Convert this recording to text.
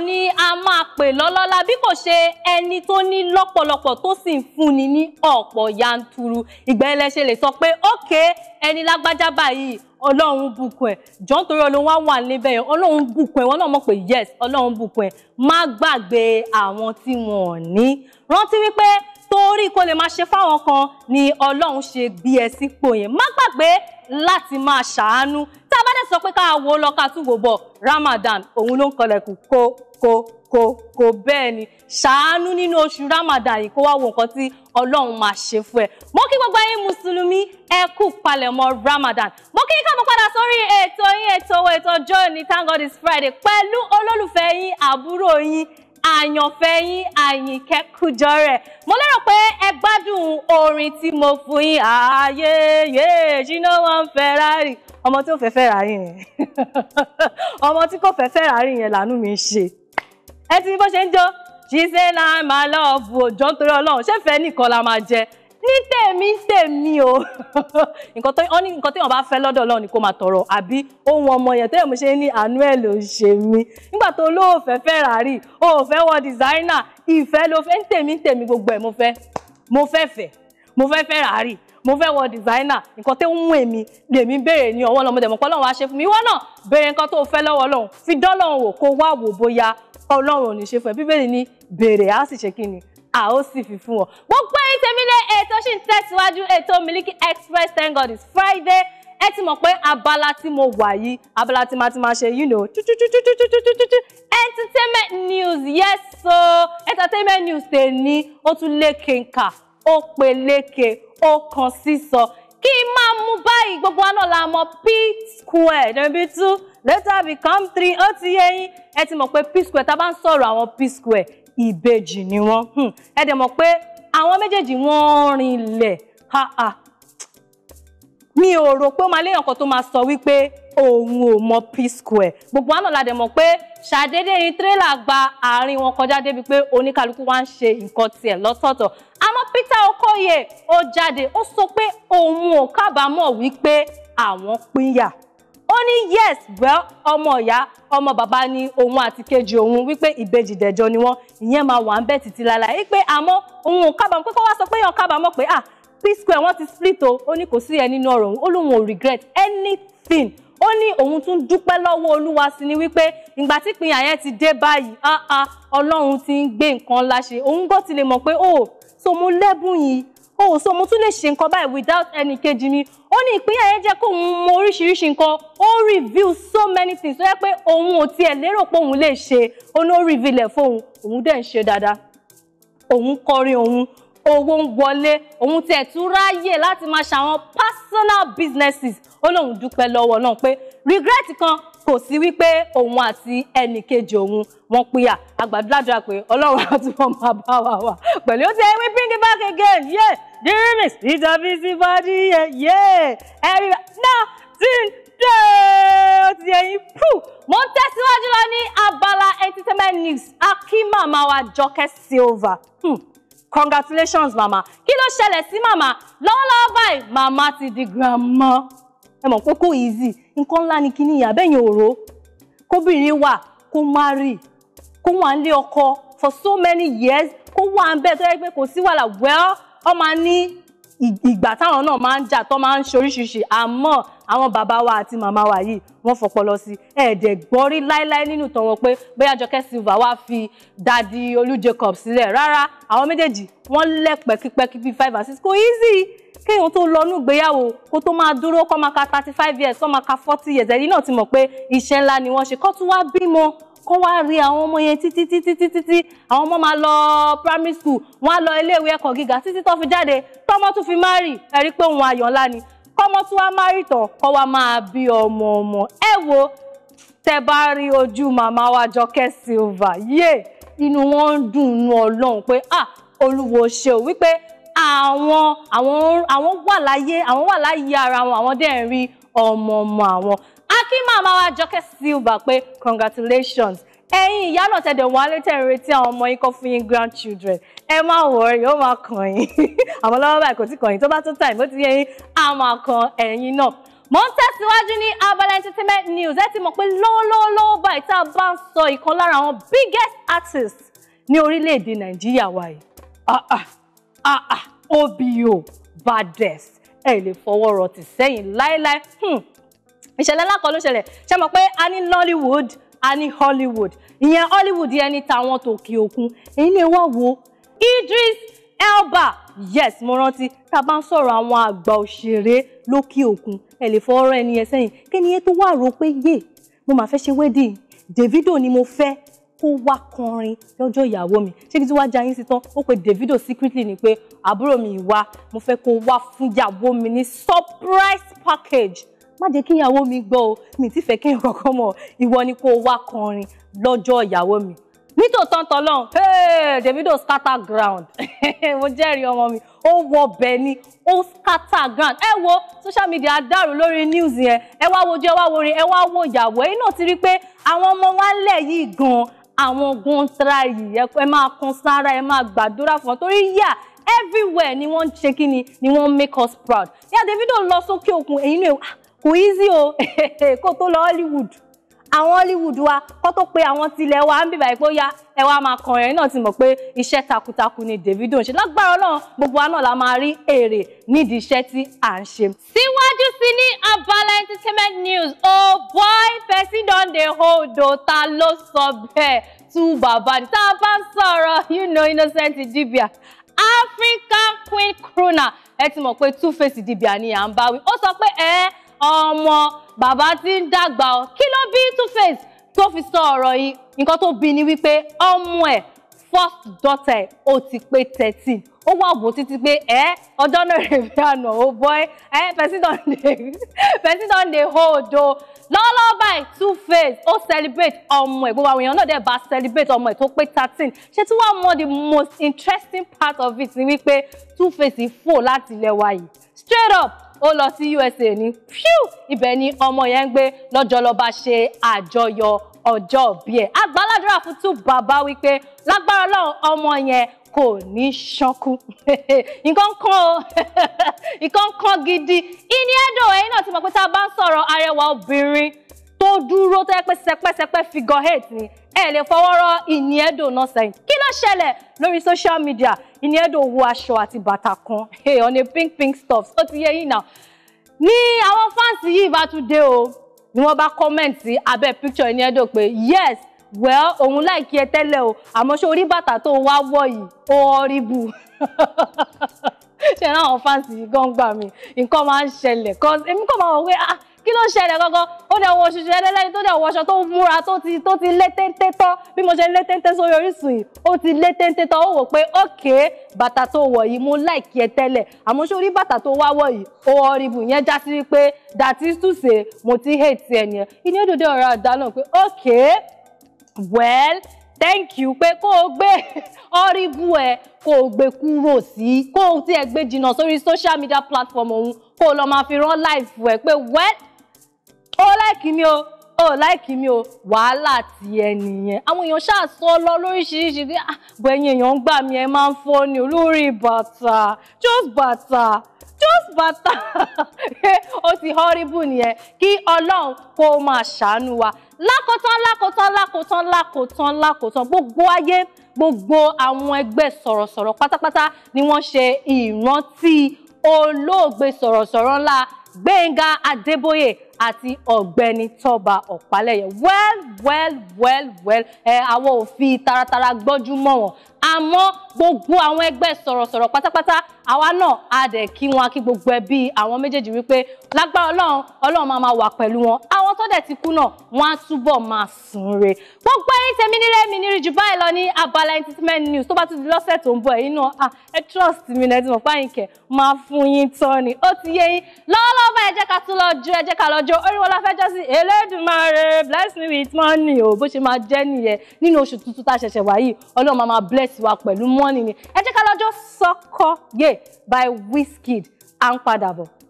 náà ni a máa pè lọ́lọ́lá bí kò ṣe ẹni tó ní lọ́pọ̀lọpọ̀ tó sì ń fúnni ní ọ̀pọ̀ yanturu ìgbà ẹ lẹ ṣe lè sọ pé ókè ẹni lágbájá báyìí ọlọ́run bùkún ẹ̀ jọ́n torí ọlọ́run wá wà níbẹ̀ yẹn ọlọ́run bùkún ẹ̀ wọ́n náà mọ̀ pé yes ọlọ́run bùkún ẹ̀ má gbàgbé àwọn tí wọn ò ní rántí wípé torí kó lè máa ṣe fáwọn kan ni ọlọ́run ṣe bí ẹ sípò yẹn má gbàgbé láti máa ṣàánú tá a bá dẹ̀ sọ pé ká wo lọ ká tún wò bọ̀ Ramadan òun ló ń kọlẹ̀kùn kó kó kò kò bẹ́ẹ̀ ni ṣàánú nínú oṣù Ramadan yìí kó wá wo nǹkan tí Ọlọ́run máa ṣe fún ẹ mo kí gbogbo ẹ̀yin mùsùlùmí ẹ kú palẹ̀mọ́ Ramadan mo kí káàbọ̀ padà sórí ètò yín ètò owó ètò ọjọ́ òní thank God it's Friday pẹ̀lú olólùfẹ́ yín àbúrò yín àyànfẹ́ yín Àyìnkẹ́ Kújọrẹ̀ mo lérò pé ẹ gbádùn orin tí mo fún yín ààyè yé ṣínà wọn Ferrari ọmọ tí ó fẹ́ fẹ́ ràárì yẹn ọmọ tí kò fẹ́ fẹ́ ràárì yẹn làánú mi ṣe ẹ ti bó ṣe ń jó ṣíṣe náà máa lọ́ọ́ bu òjò nítorí ọlọ́run ṣé fẹ́ nìkan la máa jẹ ní tèmi tèmi o nǹkan tó ọ́ ní nǹkan téèyàn bá fẹ́ lọ́dọ̀ ọlọ́run ni kó máa tọrọ àbí ohun ọmọ yẹn téèyàn ṣe ní àánú ẹ̀ ló ṣe mí nígbà tó olóòfẹ́ fẹ́ ràárì òòfẹ́ wọ dìsáínà ìfẹ́ ló fẹ́ ní tèmi tèmi gbogbo ẹ̀ mo fẹ́ mo fẹ́ fẹ́ mo fẹ́ fẹ́ ràárì mo fẹ́ wọ designer nǹkan tó ń mú èmi lèmi béèrè ní ọwọ́ lọ́mọdé mọ̀ pé ọlọ́run wá ṣe fún mi ìwọ náà béèrè nǹkan tó fẹ́ lọ́wọ́ ọlọ́run fi dọ́lọ́run wò kó wá wò bóyá ọlọ́run ò ní ṣe fún ẹ bíbélì ní béèrè á sì ṣe kí ni a ó sì fi fún ọ. gbogbo ẹ̀yin tèmi lé ètò ṣì ń tẹ̀síwájú ètò Miliki Express thank God it's Friday ẹ ti mọ̀ pé abala tí mo wà yìí abala tí màá ti máa ṣe you know entertainment news yes so entertainment news tè ní ó tún lékè nkà ó peléke ó kan sísọ kí n máa mú báyìí gbogbo wa la mọ̀ p square níbi two later become three ó ti yé yín ẹ ti mọ̀ pé p square tá a bá ń sọ̀rọ̀ àwọn p square ìbejì ni wọ́n hmm. ẹ dẹ̀ mọ̀ pé àwọn méjèèjì wọ́n rinlẹ̀ mi ò rò pé ó máa léèyàn kan tó máa sọ wípé òun ò mọ P-Square gbogbo àná la dẹ̀ mọ̀ pé ṣàdédé ni tírélà gba àárín wọn kọjá débi pé oníkálukú wá ń ṣe nǹkan tiẹ̀ lọ́tọ̀ọ̀tọ̀ àmọ́ Peter Okoye ó jáde ó sọ pé òun ò kábàámọ̀ wípé àwọn pínyà ó ní yes well ọmọ ìyá ọmọ bàbá ni òun àti kejì òun wípé ìbejì dẹjọ ni wọn ìyẹn máa wà ń bẹ títí láláì wípé àmọ́ òun ò kábàámọ̀ pé kó wá sọ pé yàn kábàámọ̀ pé ah P-Square wọn ti split o ó ní kò sí ẹ nínú ọ̀rọ̀ òun ó lóun ò regret anything ó ní òun tún dúpẹ́ lọ́wọ́ olúwa sí ni wípé ìgbà tí ìpínyà yẹn ti dé báyìí ah ọlọ́run ti ń gbé nǹkan láṣẹ òun gbọ́ ti lè mọ̀ pé ó oh, so mo lẹ́bùn yìí ó oh, so mo tún lè ṣe nǹkan báyìí without any kejì mi ó ní ìpínyà yẹn jẹ́ kóun mọ oríṣiríṣi nǹkan ó reveal so many things tó yẹ pé òun ò tiẹ̀ lérò pé òun lè ṣe ó ní ó reveal ẹ̀ fóun òun dẹ̀ ń ṣe dáadáa òun kọrin òun owó ń wọlé òun tiẹ̀ tún ráyè láti máa ṣàwọn personal businesses ó lóun dúpẹ́ lọ́wọ́ náà pé regret kan kò sí wípé òun àti ẹnì kejì òun wọn pínyà àgbàdúrà pé ọlọ́run àtúbọ̀ máa bá wa wà pẹ̀lú ó ti ẹ̀ wí bring it back again yeah the remix is a busy body yeah yeah every now till day ó ti ẹ̀yìn pù mo ń tẹ̀síwájú lọ ní abala entertainment news akínmàmá wa Jọkẹ́ Silver. Hmm congratulations mama kí ló ṣẹlẹ̀ sí mama lọ́wọ́lọ́wọ́ báyìí mama ti di grandma ẹ mọ̀ pé easy nǹkan ńlá ni kíní ìyá bẹ́yìn òró kóbìnrin wà kó má rì kó wà nílé ọkọ for so many years kó wà ń bẹ́ẹ̀ tó yẹ pé kò sí wàhálà well ọmọ ní ìgbà táwọn náà máa ń jà tó máa ń ṣe oríṣiríṣi àmọ́ àwọn bàbá wa àti màmá wa yìí wọ́n fọpọlọ sí ẹ̀ẹ́dẹ̀ gbọ́rí láéláé nínú ìtàn wọn pé bóyá Jọkẹ́ Silva wá fi Daddy Olú Jacob sílẹ̀ rárá àwọn méjèèjì wọ́n lẹ̀ pẹ́kípẹ́kí bíi five and six kò easy kéèyàn tó lọ núgbéyàwó kó tó máa dúró kó máa ka thirty five years kó máa ka forty years ẹ̀yin náà ti mọ̀ pé iṣẹ́ ńlá ni wọ́n ṣe kó tún wá bímọ kó wá rí àwọn ọmọ yẹn títí títí títí tí àwọn ọmọ máa lọ primary school wọn á lọ iléèwé ẹ̀kọ́ gíga títí tó fi jáde tọ́mọ tún fi márì ẹ rí pé òun ayọ̀ ńlá ni kọ́mọ tún wá márì tán kọ́ wá máa bí ọmọ ọmọ ẹ wo tẹ bá rí ojú màmá wa Jọkẹ́ Silva yé inú wọn ń dùn inú Ọlọ́run pé ah olúwo ṣe ò wípé àwọn àwọn àwọn wà láyé àwọn wà láyé ara wọn àwọn dẹ̀ ń rí ọmọ ọmọ àwọn kí màmá wa Jọkẹ́ Silva pé congratulations ẹ̀yin ìyá náà tẹ̀dẹ̀ wọn alẹ́ tẹ̀ ń retí àwọn ọmọ yín kọ́ fún yín grandchildren ẹ má wọrí ó máa kàn yín àmọ́ lọ́wọ́ báyìí kò tí kàn yín tó bá tó tàyìn bó ti yẹ yín á máa kan ẹ̀yin náà. mo ń tẹ̀síwájú ní abala entertainment news ẹ ti mọ̀ pé lọ́wọ́lọ́wọ́ lọ́wọ́ báyìí tá a bá ń sọ ìkan lára àwọn biggest artists ní orílẹ̀-èdè nàìjíríà wa yìí ah, ah, ah, Obi o Baddest ẹ lè fọwọ́ rọ tì sẹ́yìn láéláé hmm ìṣẹ̀lẹ̀ lákọ̀ọ́ ló ṣẹlẹ̀ ṣe mọ̀ pé a ní Lollywood? a ní Hollywood ìyẹn Hollywood yẹn ní tàwọn tòkè òkun èyí ni wọ́n wo Idris Elba yes mo rántí tá a bá ń sọ̀rọ̀ àwọn àgbà òṣèré lókè òkun ẹ lè fọwọ́ rẹ ẹni yẹn sẹ́yìn kí ni yẹn tó wà rò pé yé mo máa fẹ́ ṣe wedding Davido ni mo fẹ́ kó wá kọrin lọ́jọ́ ìyàwó mi ṣé kí tí wàá jayín sí tán ó pe Davido secretly ni pé àbúrò mi wá mo fẹ́ kó wá fún ìyàwó mi ní surprise package má jẹ́ kí ìyàwó mi gbọ́ o mi ti fẹ́ kí nǹkan kan mọ̀ ìwọ ni kó wá kọrin lọ́jọ́ ìyàwó mi nítòótọ́ tọ́lọ́n Davido scatter ground mo jẹ́rìí ọmọ mi ó wọ bẹ́ẹ̀ ni ó scatter ground ẹ wo social media dàrú lórí news yẹn ẹ wá wojú ẹ wá worin ẹ wá wo ìyàwó ẹ̀yin náà ti rí i pé àwọn ọmọ wa ń lẹ̀ yìí gan-an àwọn gontra yìí ẹ máa kan sára ẹ máa gbàdúrà fún ọ torí yà everywhere ni wọ́n ń ṣe kí ni ni wọ́n make us proud yà Davido lọ sókè òkun ẹ̀yin náà ah, kò easy o kó tó lọ Hollywood àwọn Hollywood wa kó tó pe àwọn tilẹ̀ wa ń bèbà pé ó yá ẹ wá máa kọrin ẹ̀yin náà ti mọ̀ pé iṣẹ́ takuntakun ni Davido ń ṣe lágbára náà gbogbo wa náà la máa rí èrè nídìí iṣẹ́ tí à ń ṣe. síwájú sí ní abala entertainment news oh boy person don dey hold o ta ló sọ bẹ́ẹ̀ tú bàbá ni tá a bá ń sọ̀rọ̀ you know innocent dibia African queen crooner ẹ ti mọ̀ pé two face dibia ni à ń bá wí ó sọ pé ẹ ọmọ bàbá tí ń dàgbà ọ kí ló bí Tuface tó fi sọ ọ̀rọ̀ yìí nǹkan tó bí ni wípé ọmọ ẹ̀ first daughter ẹ̀ ó ti pé thirteen ó wà wò títí pé ẹ ọjọ́ náà rè fi àná ó bọ́ ẹ ẹ person don dey hold o lọ́wọ́lọ́wọ́ two face ó celebrate ọmọ ẹ̀ gbogbo àwọn èèyàn náà dẹ̀ bá celebrate ọmọ ẹ̀ tó pé thirteen ṣé tí wàá mọ the most interesting part of it ni wípé face fò láti ilẹ̀ wa yìí straight up ó lọ sí USA ní ibẹ̀ ni ọmọ yẹn ń gbé lọ́jọ́ lọ́ba ṣe àjọyọ̀ ọjọ́ òbí ẹ̀ agbáládúrà fún tún bàbá wípé lágbára ọlọ́run ọmọ yẹn kò ní ṣánkú nǹkan kan o nǹkan kan gidi ìní ẹ̀dọ̀ ẹ̀yin náà ti mọ̀ pé tá a bá ń sọ̀rọ̀ arẹwà obìnrin tó dúró tó yẹ pé sẹpẹsẹpẹ figure eight ni ẹ lè fọwọ́ rọ́ ìníẹ́dò náà sẹ́yìn kí ló ṣẹlẹ̀ lórí social media ìníẹ́dò wo aṣọ àti bàtà kan hey, on a pink pink stuffs ó ti yẹ yín náà ní àwọn fáǹsì yìí bá tún dé o ni wọ́n bá kọ́mẹ̀ǹtì abẹ́ picture ìníẹ́dò pé yes well òun láìkí ẹ tẹ́lẹ̀ o àmọ́ ṣé orí bàtà tó wá wọ̀ yìí ó horrible ṣe náà àwọn fáǹsì yìí gan gbà mí nǹkan máa ń ṣẹlẹ̀ cause èmi kò máa wọ̀ pé ah kí ló ṣẹlẹ̀ gangan ó dẹ̀ wọ òṣìṣẹ́ lẹ́lẹ́ni tó dẹ̀ wọṣọ tó múra tó ti tó ti lé téńté tán bí mo ṣe lé téńté sórí Orísun yìí ó ti lé téńté tán ó wò pé ókè bàtà tó wọ̀ yìí mo láìkí ẹ tẹ́lẹ̀ àmọ́ ṣé orí bàtà tó wá wọ̀ yìí ó ọ̀rìbù yẹn já sí pé that is to say mo ti hate ẹ̀ nìyẹn ìní òdòdó ọ̀rọ̀ àdá náà pé ókè well thank you pé kó o gbé ọ̀rìbù ẹ̀ kó o gbé kúrò sí kó o tiẹ̀ gbé jìnnà sórí social media platform òun kó o lọ máa fi rán live ẹ̀ pé well láìkì mi o ò láìkì mi o wàhálà ti ẹ nìyẹn àwọn èèyàn ṣáà sọ lọ lóríṣiríṣi bí ah, bọ ẹ̀yin èèyàn ń gbà mí ẹ máa ń fọ́ ni olórí bàtà just bàtà just bàtà ó ti horrible nìyẹn kí ọlọ́run kó máa ṣàánú wa lákòótán lákòótán lákòótán lákòótán lákòótán gbogbo ayé gbogbo àwọn ẹgbẹ́ sọ̀rọ̀sọ̀rọ̀ pátápátá ni wọ́n ṣe ìrántí olóògbé sọ̀rọ̀sọ̀rọ̀ ńlá Gbénga Adébóyè àti ọ̀gbẹ́ni Tọ́ba Ọ̀pálẹ̀yẹ well well well well ẹ àwọn ò fi taratara gbọ́jú mọ́ wọn àmọ́ gbogbo àwọn ẹgbẹ́ sọ̀rọ̀sọ̀rọ̀ pátápátá àwa náà a dẹ̀ kí wọn kí gbogbo ẹbí àwọn méjèèjì wípé lágbára Ọlọ́run Ọlọ́run máa máa wà pẹ̀lú wọn àwọn tó dẹ̀ ti kú náà wọ́n á túbọ̀ máa sùn re gbogbo ẹ̀yin tèmi nílé mi ní ríjù báyìí lọ ní abala entertainment news tó bá tún di lọ́sẹ̀ tó ń bọ̀ ẹ̀yin náà ẹ trust mi náà ẹ ti mọ̀ fáyín kẹ̀ máa fún yín tán ni ó ti yé yín lọ́wọ́lọ́wọ́ bá ẹ jẹ́ ká tún lọ ju ẹ jẹ́ ká lọ jó orí wọn láfẹ́ jọ́sìn Elédùmarè bless me with money o bó ṣe máa jẹ́ nìyẹn nínú oṣù tuntun tá a ṣẹ̀ṣẹ̀ wá yìí Ọlọ́run máa máa bless wa pẹ̀lú money ni ẹ ká lọ jó Sọ́kọ́yè by Wizkid à ń padà bọ̀.